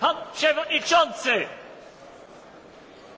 Pan Przewodniczący!